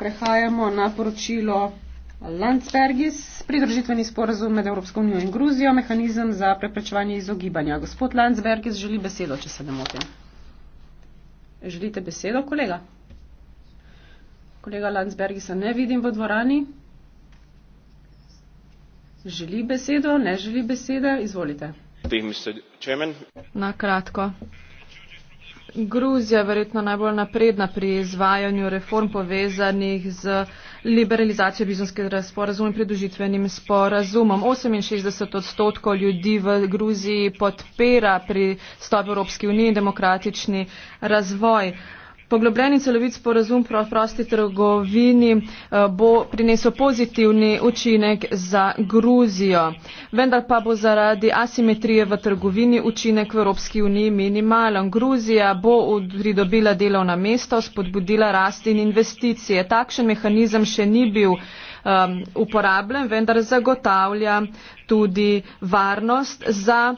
prehajamo na poročilo Landsbergis, pridružitveni sporazum med Evropsko unijo in Gruzijo, mehanizem za preprečevanje izogibanja. Gospod Landsbergis želi besedo, če se ne motim. Želite besedo, kolega? Kolega Landsbergisa ne vidim v dvorani. Želi besedo, ne želi besede, izvolite. Na kratko. Gruzija verjetno najbolj napredna pri izvajanju reform povezanih z liberalizacijo bizonskega sporazuma in pridružitvenim sporazumom. 68 odstotkov ljudi v Gruziji podpira pri stopi Evropske unije in demokratični razvoj. Uh, Poglobljeni celovit sporazum o prosti trgovini eh, bo prinesel pozitivni učinek za Gruzijo, vendar pa bo zaradi asimetrije v trgovini učinek v Evropski uniji minimalen. Gruzija bo pridobila delovna mesta, spodbudila rast in investicije. Takšen mehanizem še ni bil um, uporabljen, vendar zagotavlja tudi varnost za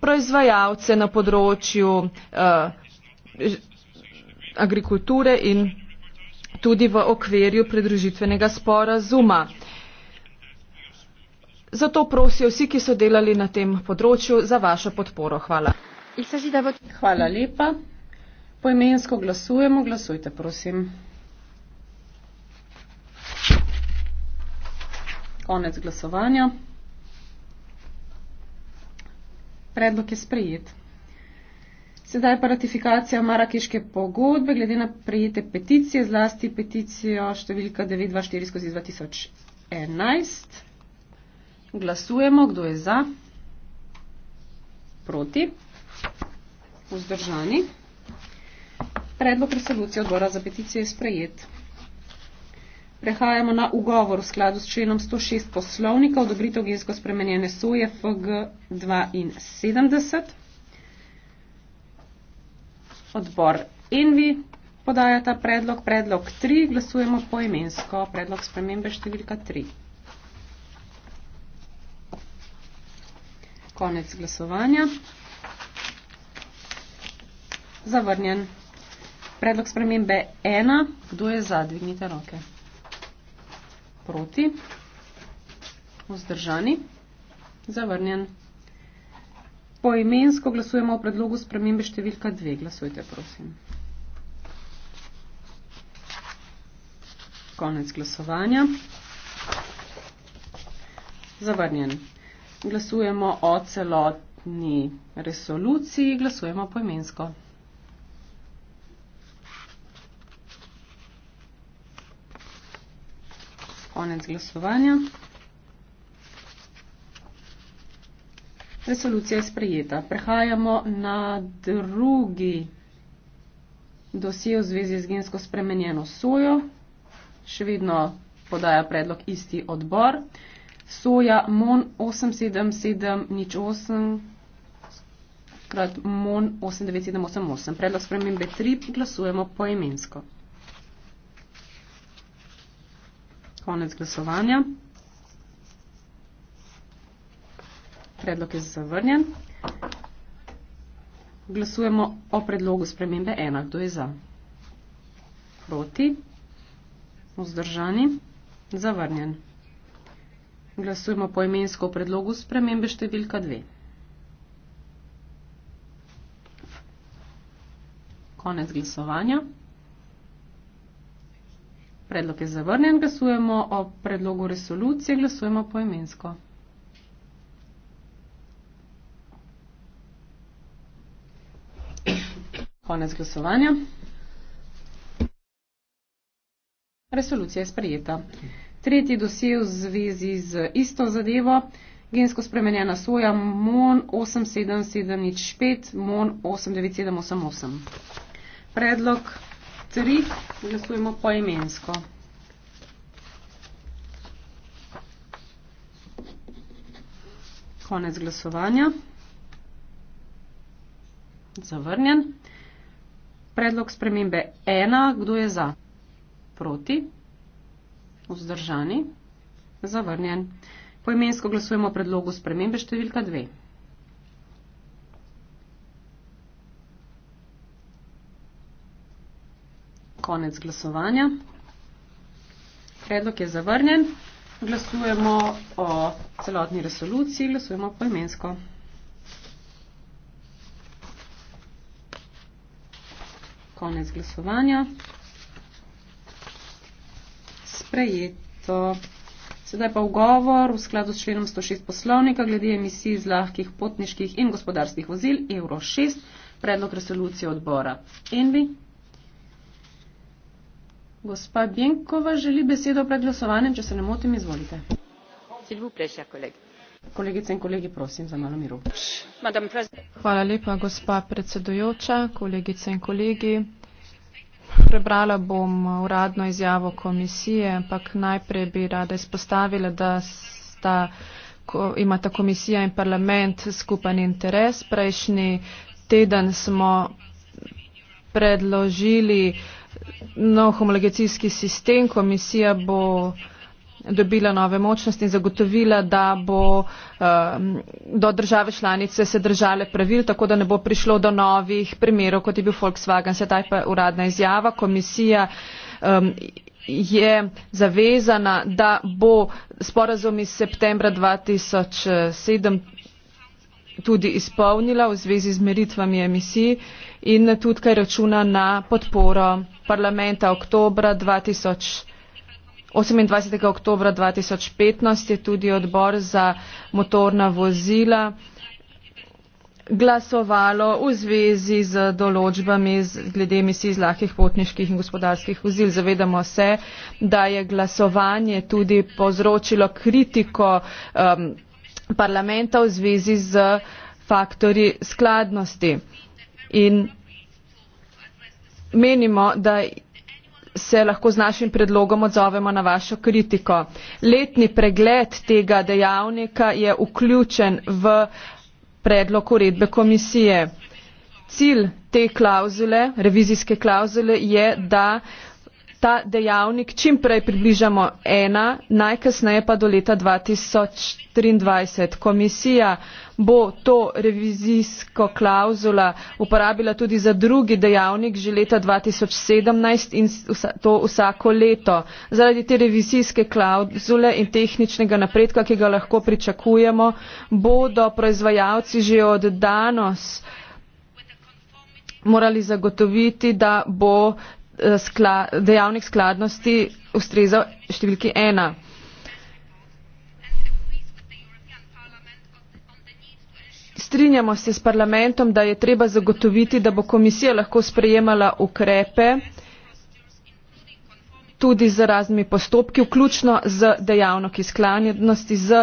proizvajalce na področju. Uh, agrikulture in tudi v okvirju predružitvenega sporazuma. Zato prosijo vsi, ki so delali na tem področju, za vašo podporo. Hvala. Hvala lepa. Poimensko glasujemo. Glasujte, prosim. Konec glasovanja. Predlog je sprejet. Sedaj pa ratifikacija Marakeške pogodbe, glede na prejete peticije, zlasti peticijo številka 924-2011. Glasujemo, kdo je za, proti, vzdržani. Predlog resolucije odbora za peticije je sprejet. Prehajamo na ugovor v skladu s členom 106 poslovnika odobritev gensko spremenjene soje FG 72 odbor Envi podaja ta predlog, predlog 3, glasujemo poimensko, predlog spremembe številka 3. Konec glasovanja. Zavrnjen. Predlog spremembe 1, kdo je za, dvignite roke. Proti. Vzdržani. Zavrnjen. Poimensko glasujemo o predlogu spremembe številka dve. Glasujte, prosim. Konec glasovanja. Zavrnjen. Glasujemo o celotni resoluciji. Glasujemo poimensko. Konec glasovanja. Resolucija je sprejeta. Prehajamo na drugi dosje v zvezi z gensko spremenjeno sojo. Še vedno podaja predlog isti odbor. Soja MON 87708 krat MON 89788. Predlog spremembe 3 glasujemo poimensko. Konec glasovanja. Predlog je zavrnjen. Glasujemo o predlogu spremembe 1. Kdo je za? Proti? Vzdržani? Zavrnjen. Glasujemo po imensko o predlogu spremembe številka 2. Konec glasovanja. Predlog je zavrnjen. Glasujemo o predlogu resolucije. Glasujemo po imensko. Konec glasovanja. Resolucija je sprejeta. Tretji dosje v zvezi z isto zadevo. Gensko spremenjena soja MON 87705 MON 89788. Predlog 3 glasujemo poimensko. Konec glasovanja. Zavrnjen predlog spremembe ena, kdo je za? Proti? Vzdržani? Zavrnjen. Poimensko glasujemo o predlogu spremembe številka dve. Konec glasovanja. Predlog je zavrnjen. Glasujemo o celotni resoluciji, glasujemo poimensko. konec glasovanja. Sprejeto. Sedaj pa ugovor v skladu s členom 106 poslovnika glede emisij z lahkih potniških in gospodarskih vozil Euro 6, predlog resolucije odbora. Envi. Gospa Bjenkova želi besedo pred glasovanjem, če se ne motim, izvolite. S'il vous plaît, chers collègues. Kolegice in kolegi, prosim za malo miru. Hvala lepa, gospa predsedujoča, kolegice in kolegi. Prebrala bom uradno izjavo komisije, ampak najprej bi rada izpostavila, da sta, ko, imata komisija in parlament skupen interes. Prejšnji teden smo predložili nov homologacijski sistem. Komisija bo dobila nove močnosti in zagotovila, da bo um, do države članice se držale pravil, tako da ne bo prišlo do novih primerov, kot je bil Volkswagen. Sedaj pa uradna izjava. Komisija um, je zavezana, da bo sporazum iz septembra 2007 tudi izpolnila v zvezi z meritvami emisij in tudi kaj računa na podporo parlamenta oktobra 2007. 28. oktobra 2015 je tudi odbor za motorna vozila glasovalo v zvezi z določbami glede emisij iz lahkih potniških in gospodarskih vozil. Zavedamo se, da je glasovanje tudi povzročilo kritiko um, parlamenta v zvezi z faktori skladnosti. In menimo, da se lahko z našim predlogom odzovemo na vašo kritiko. letni pregled tega dejavnika je vključen v predlog uredbe komisije. cilj te klauzule revizijske klauzule je da ta dejavnik čim prej približamo ena, najkasneje pa do leta 2023. Komisija bo to revizijsko klauzula uporabila tudi za drugi dejavnik že leta 2017 in to vsako leto. Zaradi te revizijske klauzule in tehničnega napredka, ki ga lahko pričakujemo, bodo proizvajalci že od danos morali zagotoviti, da bo Eh, skla, dejavnik skladnosti ustrezal številki ena. Strinjamo se s parlamentom, da je treba zagotoviti, da bo komisija lahko sprejemala ukrepe tudi z raznimi postopki, vključno z dejavnoki sklanjenosti, z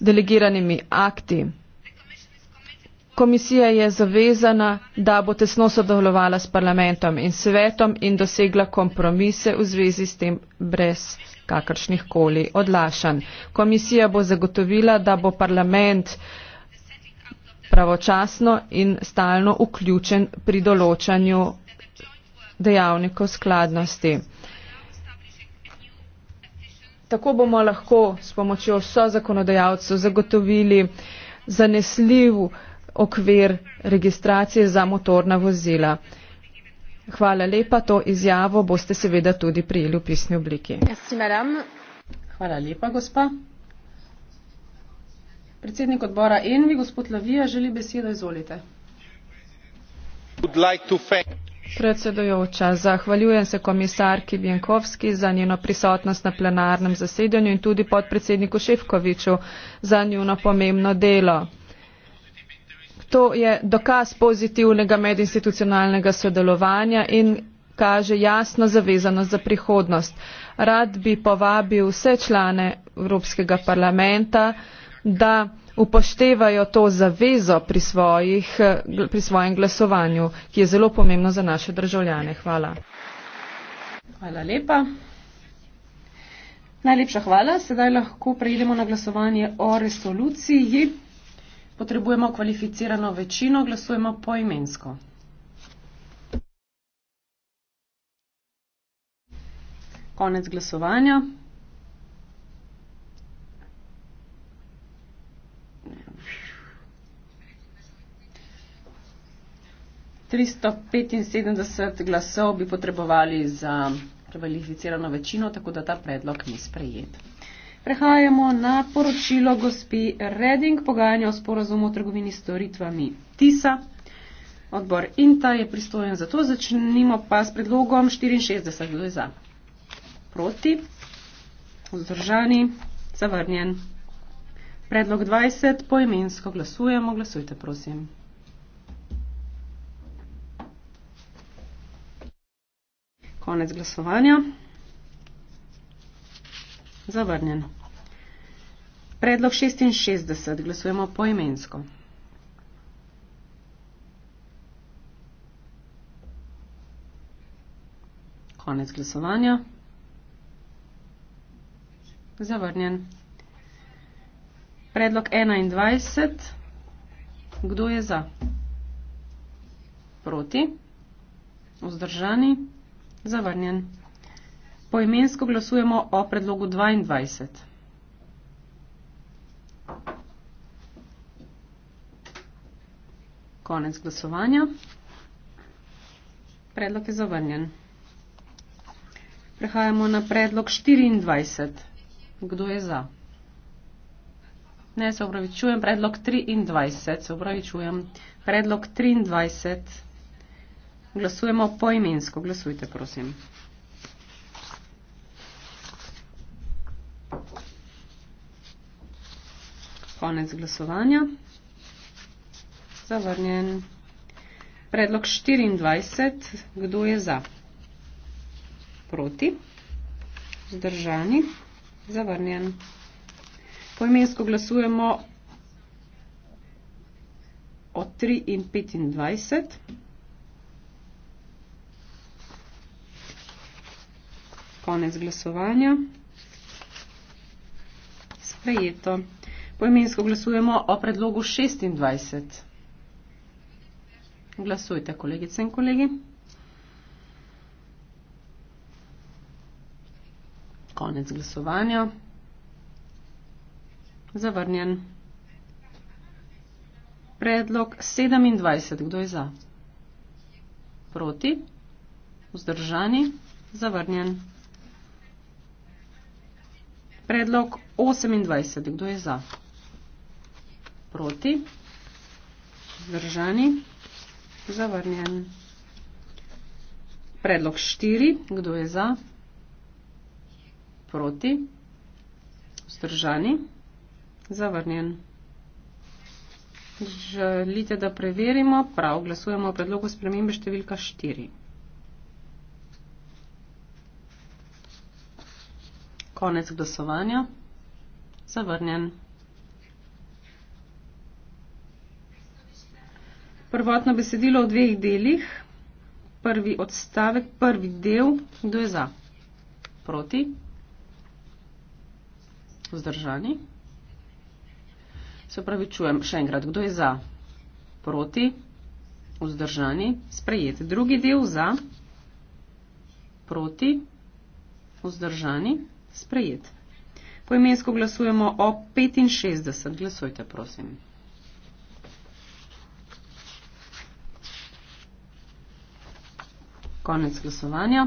delegiranimi akti. Komisija je zavezana, da bo tesno sodelovala s parlamentom in svetom in dosegla kompromise v zvezi s tem brez kakršnih koli odlašanj. Komisija bo zagotovila, da bo parlament pravočasno in stalno vključen pri določanju dejavnikov skladnosti. Tako bomo lahko s pomočjo vso zakonodajalcev zagotovili zanesljivu okvir registracije za motorna vozila. Hvala lepa, to izjavo boste seveda tudi prijeli v pisni obliki. Hvala lepa, gospa. Predsednik odbora Envi, gospod Lavija, želi besedo, izvolite. Predsedujoča, zahvaljujem se komisarki Vienkovski za njeno prisotnost na plenarnem zasedanju in tudi podpredsedniku Šefkoviču za njeno pomembno delo to je dokaz pozitivnega medinstitucionalnega sodelovanja in kaže jasno zavezanost za prihodnost. Rad bi povabil vse člane Evropskega parlamenta, da upoštevajo to zavezo pri, svojih, pri svojem glasovanju, ki je zelo pomembno za naše državljane. Hvala. Hvala lepa. Najlepša hvala. Sedaj lahko prejdemo na glasovanje o resoluciji potrebujemo kvalificirano večino, glasujemo poimensko. Konec glasovanja. Tristo petinsedemdeset glasov bi potrebovali za kvalificirano večino, tako da ta predlog ni sprejet. Prehajamo na poročilo gospi Reding, pogajanje o sporazumu o trgovini s storitvami TISA. Odbor INTA je pristojen za to. Začnimo pa s predlogom 64. Kdo je za? Proti? Vzdržani? Zavrnjen? Predlog 20. Poimensko glasujemo. Glasujte, prosim. Konec glasovanja. Zavrnjen. Predlog 66. Glasujemo poimensko. Konec glasovanja. Zavrnjen. Predlog 21. Kdo je za? Proti. Vzdržani. Zavrnjen. Poimensko glasujemo o predlogu 22. Konec glasovanja. Predlog je zavrnjen. Prehajamo na predlog 24. Kdo je za? Ne, se upravičujem, predlog 23. Se upravičujem, predlog 23. Glasujemo poimensko. Glasujte, prosim. Konec glasovanja. Zavrnjen. Predlog 24. Kdo je za? Proti. Zdržani. Zavrnjen. Poimensko glasujemo od 3 in 25. Konec glasovanja. Sprejeto. Poimensko glasujemo o predlogu 26. Glasujte, kolegice in kolegi. Konec glasovanja. Zavrnjen. Predlog 27. Kdo je za? Proti? Vzdržani? Zavrnjen. Predlog 28. Kdo je za? proti, zdržani, zavrnjen. Predlog štiri, kdo je za, proti, zdržani, zavrnjen. Želite, da preverimo? Prav, glasujemo o predlogu spremembe številka štiri. Konec glasovanja. Zavrnjen. prvotno besedilo v dveh delih. Prvi odstavek, prvi del, kdo je za? Proti? Vzdržani? Se pravi, čujem še enkrat, kdo je za? Proti? Vzdržani? Sprejet. Drugi del za? Proti? Vzdržani? Sprejet. Poimensko glasujemo o 65. Glasujte, prosim. Konec glasovanja.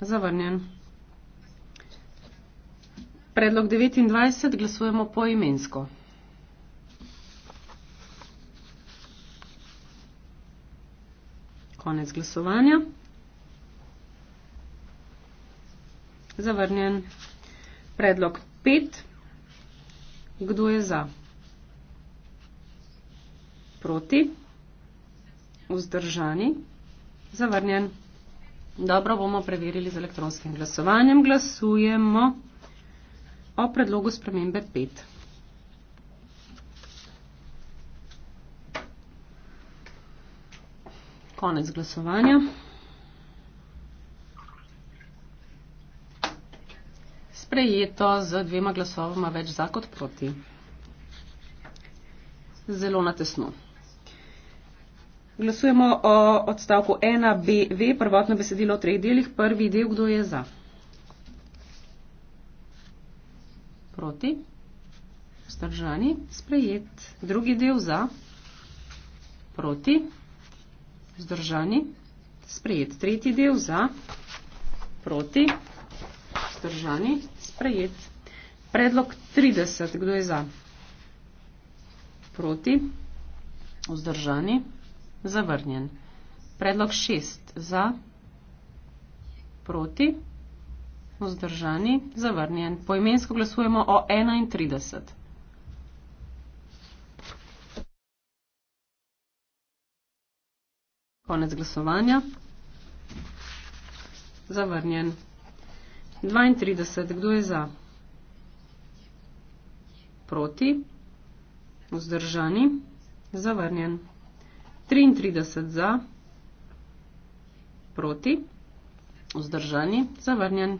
Zavrnjen. Predlog 29. Glasujemo poimensko. Konec glasovanja. Zavrnjen. Predlog 5. Kdo je za? Proti vzdržani, zavrnjen. Dobro bomo preverili z elektronskim glasovanjem. Glasujemo o predlogu spremembe 5. Konec glasovanja. Sprejeto z dvema glasovama več za kot proti. Zelo natesno. Glasujemo o odstavku 1BV, prvotno besedilo v treh delih. Prvi del, kdo je za? Proti? Vzdržani? Sprejet. Drugi del za? Proti? Vzdržani? Sprejet. Tretji del za? Proti? Vzdržani? Sprejet. Predlog 30. Kdo je za? Proti? Vzdržani? Sprejet zavrnjen. Predlog šest za, proti, vzdržani, zavrnjen. Poimensko glasujemo o 31. Konec glasovanja. Zavrnjen. 32. Kdo je za? Proti. Vzdržani. Zavrnjen. 33 za, proti, vzdržani, zavrnjen.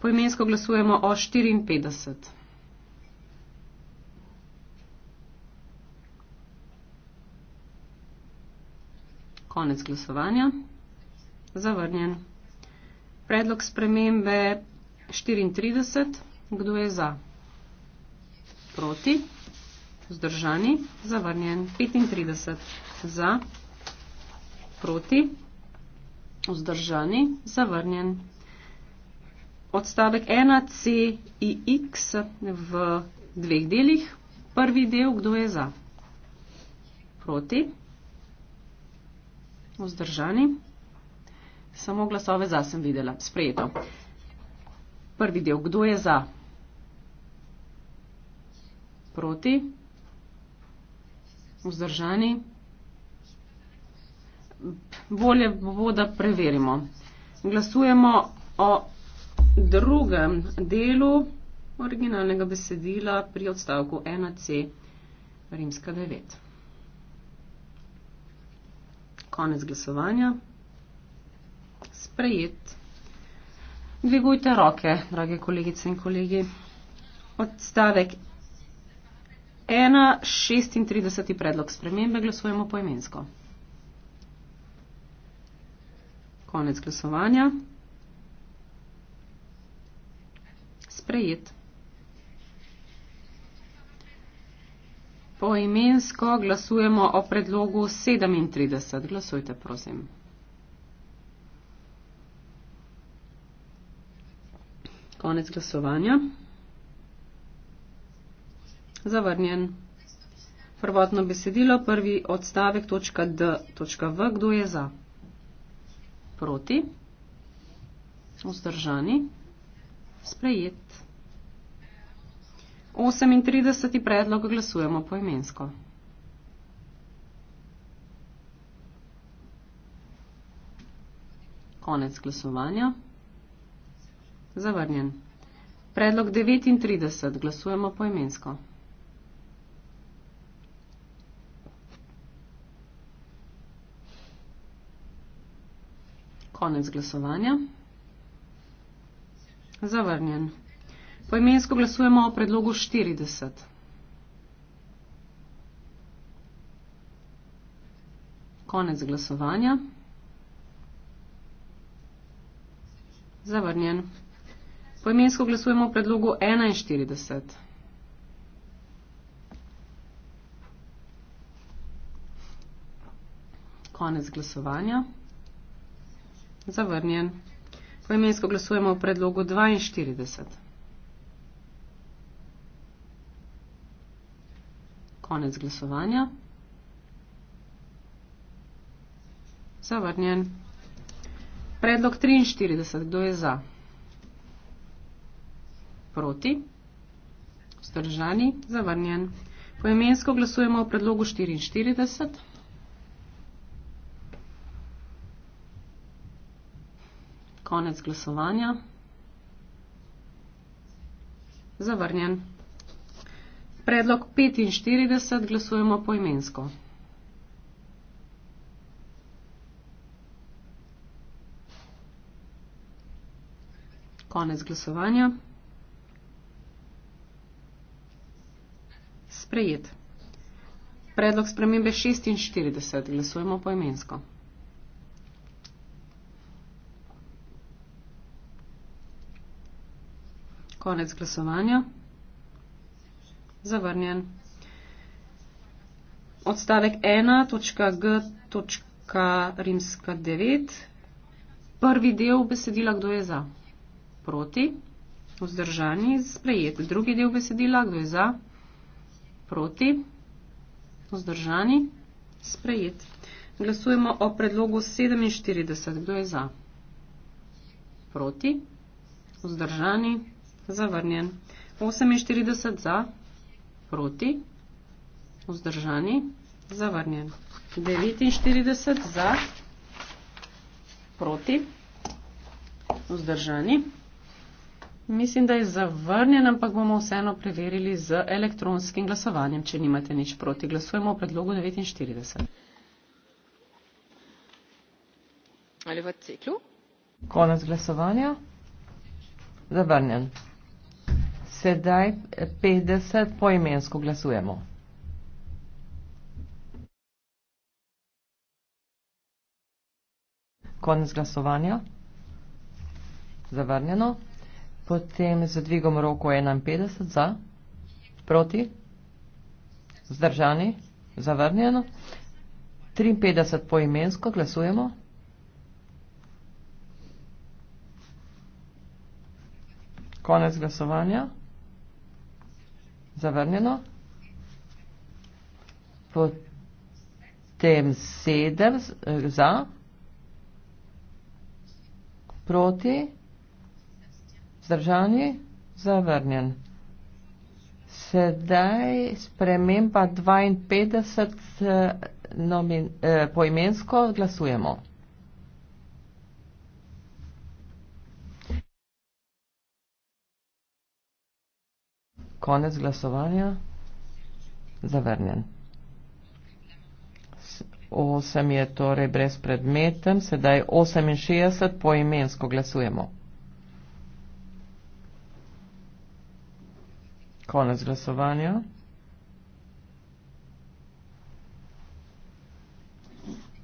Poimensko glasujemo o 54. Konec glasovanja. Zavrnjen. Predlog spremembe 34. Kdo je za? Proti. Zdržani. Zavrnjen. 35 za, proti, vzdržani, zavrnjen. Odstavek 1, C, I, X v dveh delih. Prvi del, kdo je za, proti, vzdržani. Samo glasove za sem videla. Sprejeto. Prvi del, kdo je za, proti, vzdržani bolje bo, da preverimo. Glasujemo o drugem delu originalnega besedila pri odstavku 1c rimska 9. Konec glasovanja. Sprejet. Dvigujte roke, drage kolegice in kolegi. Odstavek 1.36. predlog spremembe glasujemo poimensko. imensko. Konec glasovanja. Sprejet. Poimensko glasujemo o predlogu 37. Glasujte, prosim. Konec glasovanja. Zavrnjen. Prvotno besedilo, prvi odstavek, točka D, točka V, kdo je za? proti, vzdržani, sprejet. 38. predlog glasujemo poimensko. Konec glasovanja. Zavrnjen. Predlog 39. glasujemo poimensko. imensko. Konec glasovanja. Zavrnjen. Poimensko glasujemo o predlogu 40. Konec glasovanja. Zavrnjen. Poimensko glasujemo o predlogu 41. Konec glasovanja. Zavrnjen. Poimensko glasujemo v predlogu 42. Konec glasovanja. Zavrnjen. Predlog 43. Kdo je za? Proti. Vzdržani. Zavrnjen. Poimensko glasujemo v predlogu 44. konec glasovanja. Zavrnjen. Predlog 45 glasujemo poimensko. Konec glasovanja. Sprejet. Predlog spremembe 46 glasujemo poimensko. imensko. Konec glasovanja. Zavrnjen. Odstavek 1.g. rimska 9. Prvi del besedila, kdo je za? Proti. Vzdržani, sprejet. Drugi del besedila, kdo je za? Proti. Vzdržani, sprejet. Glasujemo o predlogu 47. Kdo je za? Proti. Vzdržani, sprejet. Zavrnjen. 48 za, proti, vzdržani, zavrnjen. 49 za, proti, vzdržani. Mislim, da je zavrnjen, ampak bomo vseeno preverili z elektronskim glasovanjem, če nimate nič proti. Glasujemo o predlogu 49. Ali v ciklu? Konec glasovanja. Zavrnjen. Sedaj 50 poimensko glasujemo. Konec glasovanja. Zavrnjeno. Potem z dvigom roko 51 za, proti, zdržani, zavrnjeno. 53 poimensko glasujemo. Konec glasovanja zavrnjeno. Potem sedem eh, za, proti, zdržani, zavrnjen. Sedaj sprememba 52 eh, nomin, eh, poimensko glasujemo. Konec glasovanja. Zavrnjen. Osem je torej brez predmeten, sedaj 68 poimensko glasujemo. Konec glasovanja.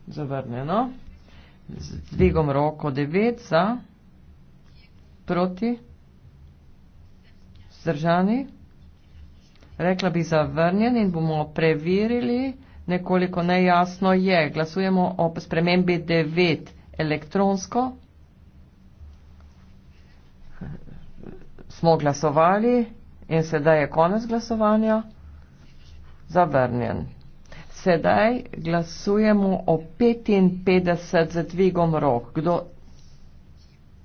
Zavrnjeno. Z dvigom roko 9 za, proti, zdržani rekla bi zavrnjen in bomo preverili, nekoliko nejasno je. Glasujemo o spremembi 9 elektronsko. Smo glasovali in sedaj je konec glasovanja. Zavrnjen. Sedaj glasujemo o 55 z dvigom rok. Kdo,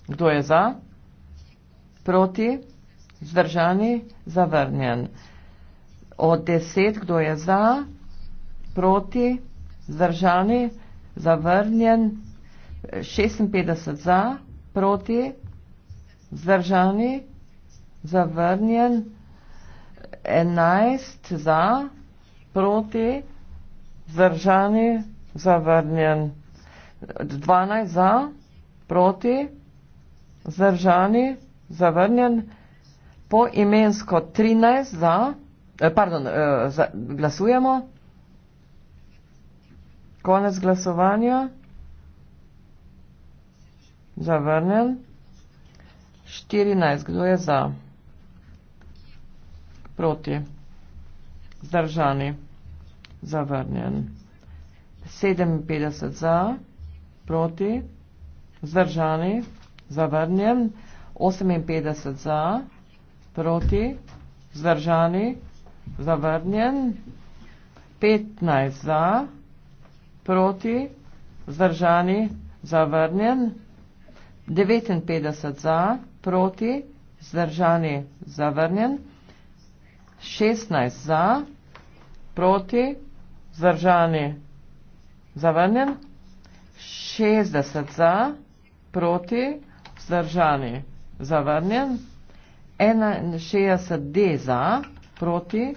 kdo je za? Proti? Zdržani? Zavrnjen od deset, kdo je za, proti, zdržani, zavrnjen, 56 za, proti, zdržani, zavrnjen, 11 za, proti, zdržani, zavrnjen, 12 za, proti, zdržani, zavrnjen, poimensko 13 za, proti, Eh, pardon, eh, glasujemo. Konec glasovanja. Zavrnjen. 14. Kdo je za? Proti. Zdržani. Zavrnjen. 57 za. Proti. Zdržani. Zavrnjen. 58 za. Proti. Zdržani. Zavrnjen zavrnjen, 15 za, proti, zdržani, zavrnjen, 59 za, proti, zdržani, zavrnjen, 16 za, proti, zdržani, zavrnjen, 60 za, proti, zdržani, zavrnjen, 61 D za, proti, zdržani, zavrnjen, proti,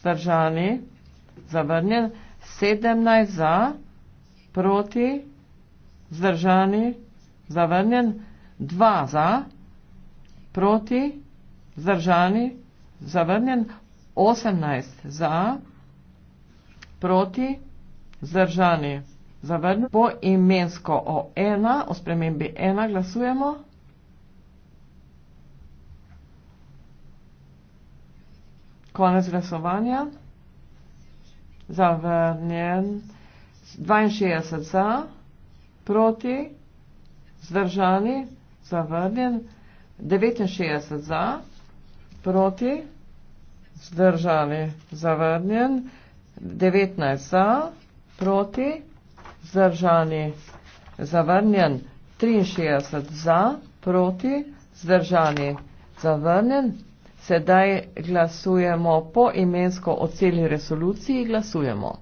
zdržani, zavrnjen, 17 za, proti, zdržani, zavrnjen, 2 za, proti, zdržani, zavrnjen, 18 za, proti, zdržani, zavrnjen. Po imensko o ena, o spremembi ena glasujemo. Konec glasovanja. Zavrnjen. 62 za, proti, zdržani, zavrnjen. 69 za, proti, zdržani, zavrnjen. 19 za, proti, zdržani, zavrnjen. 63 za, proti, zdržani, zavrnjen. Sedaj glasujemo po imensko o celi resoluciji. Glasujemo.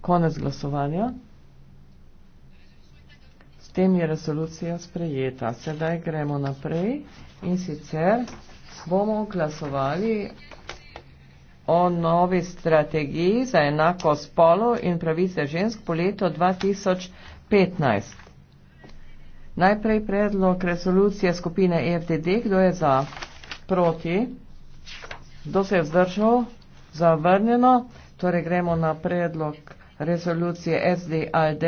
Konec glasovanja. S tem je resolucija sprejeta. Sedaj gremo naprej in sicer bomo glasovali o novi strategiji za enako spolo in pravice žensk po letu 2015. Najprej predlog resolucije skupine e FDD, kdo je za proti, kdo se je vzdržal, zavrnjeno, torej gremo na predlog resolucije SDLD,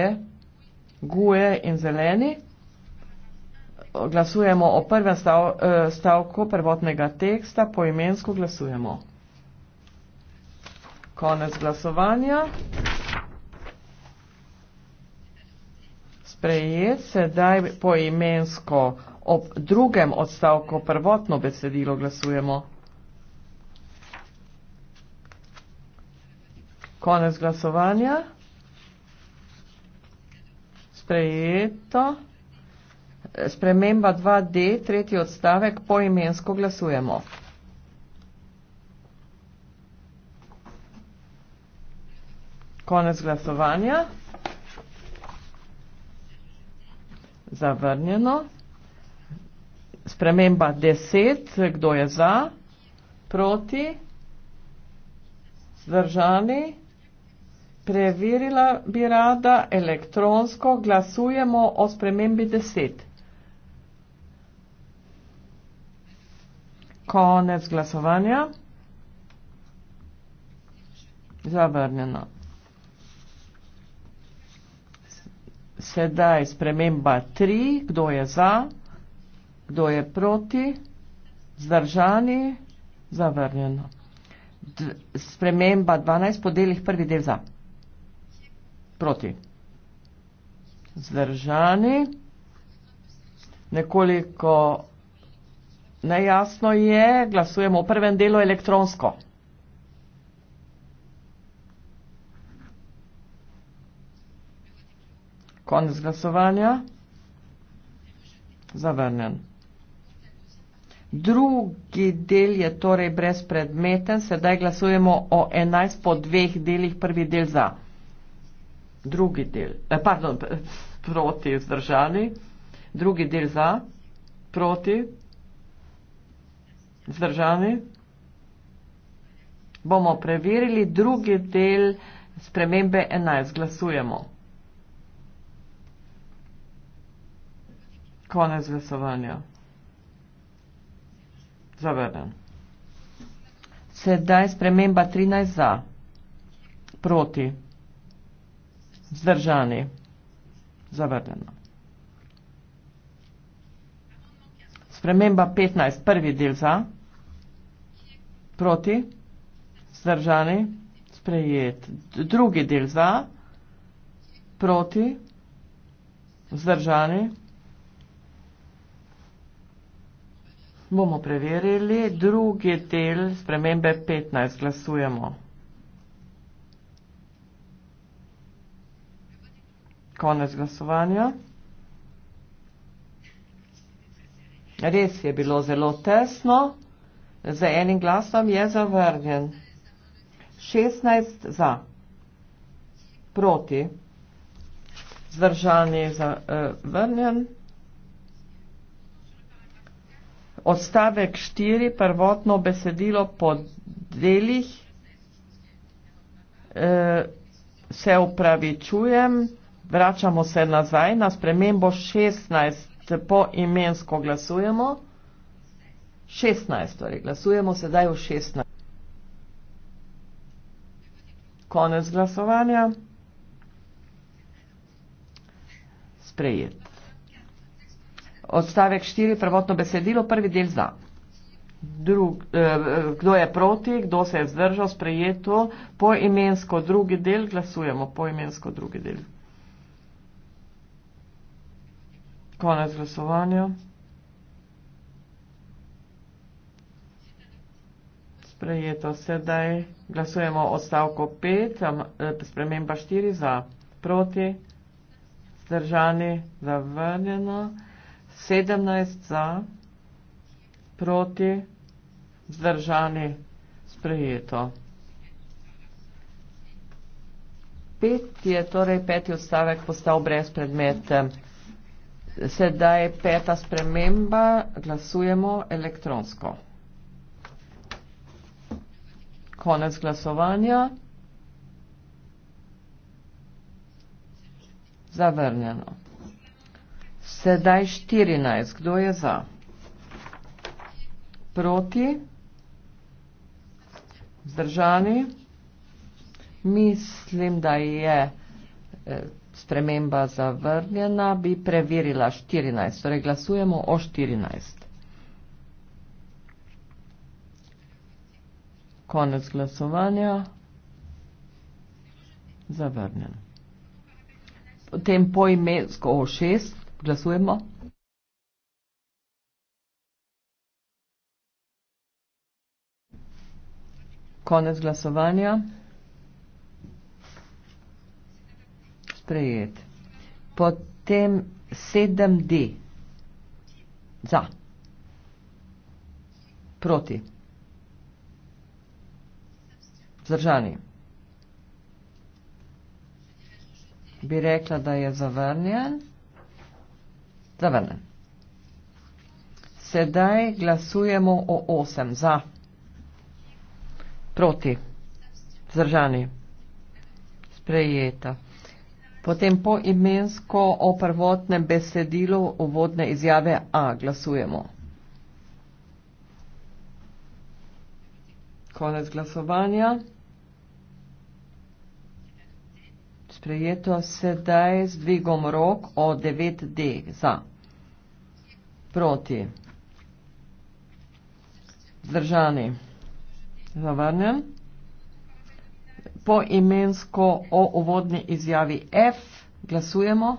guje in zeleni. Glasujemo o prvem stav, eh, stavku prvotnega teksta, po imensko glasujemo. Konec glasovanja. sprejet sedaj poimensko. Ob drugem odstavku prvotno besedilo glasujemo. Konec glasovanja. Sprejeto. Sprememba 2D, tretji odstavek, poimensko glasujemo. Konec glasovanja. zavrnjeno. Sprememba 10. Kdo je za? Proti? Zdržani? Preverila bi rada elektronsko. Glasujemo o spremembi 10. Konec glasovanja. Zavrnjeno. Sedaj sprememba 3. Kdo je za? Kdo je proti? Zdržani? Zavrnjeno. D sprememba 12. Podelih prvi del za. Proti. Zdržani? Nekoliko nejasno je. Glasujemo v prvem delu elektronsko. Konec glasovanja. Zavrnen. Drugi del je torej brezpredmeten. Sedaj glasujemo o 11 po dveh delih. Prvi del za. Drugi del. Eh, pardon, proti vzdržani. Drugi del za. Proti. Zdržani. Bomo preverili drugi del spremembe 11. Glasujemo. Konec glasovanja. Zavrnjen. Sedaj sprememba 13 za. Proti. Zdržani. Zavrnjeno. Sprememba 15. Prvi del za. Proti. Zdržani. Sprejet. Drugi del za. Proti. Zdržani. Zdržani. Bomo preverili. Drugi del spremembe 15. Glasujemo. Konec glasovanja. Res je bilo zelo tesno. Z enim glasom je zavrnjen. 16 za. Proti. Zdržanje eh, je zavrnjen. Uh, odstavek 4, prvotno besedilo po delih, e, se upravičujem, vračamo se nazaj na spremembo 16, po imensko glasujemo. 16, torej glasujemo sedaj v 16. Konec glasovanja. Sprejet odstavek 4, prvotno besedilo, prvi del za. Drug, eh, kdo je proti, kdo se je zdržal, sprejeto, poimensko drugi del, glasujemo poimensko drugi del. Konec glasovanja. Sprejeto sedaj. Glasujemo odstavko 5, eh, sprememba 4 za proti, zdržani, zavrnjeno. 17 za, proti, zdržani, sprejeto. Pet je torej peti odstavek postal brez predmete. Sedaj je peta sprememba, glasujemo elektronsko. Konec glasovanja. Zavrnjeno. Sedaj 14. Kdo je za? Proti? Zdržani? Mislim, da je eh, sprememba zavrnjena. Bi preverila 14. Torej glasujemo o 14. Konec glasovanja. Zavrnjen. Potem po imensko o 6. Glasujemo. Konec glasovanja. Sprejet. Potem 7D. Za. Proti. Zdržani. Bi rekla, da je zavrnjen zavrnem. Sedaj glasujemo o osem za, proti, vzdržani, sprejeta. Potem po imensko o prvotnem besedilu uvodne izjave A glasujemo. Konec glasovanja. Sprejeto sedaj z dvigom rok o 9D za proti. Zdržani. Zavrnjen. Po imensko o uvodni izjavi F glasujemo.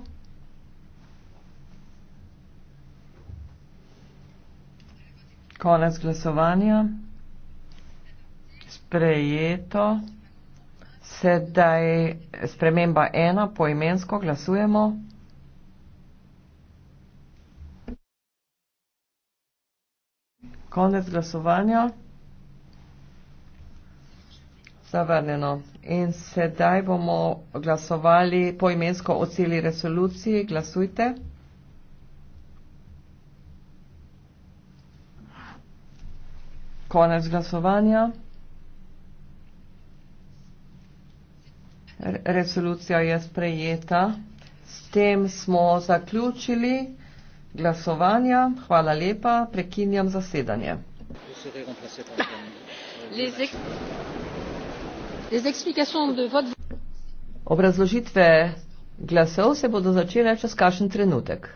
Konec glasovanja. Sprejeto. Sedaj sprememba ena, po imensko glasujemo. Sprejeto. konec glasovanja. Zavrnjeno. In sedaj bomo glasovali poimensko o celi resoluciji. Glasujte. Konec glasovanja. Resolucija je sprejeta. S tem smo zaključili glasovanja. Hvala lepa, prekinjam zasedanje. Obrazložitve glasov se bodo začele čez kašen trenutek.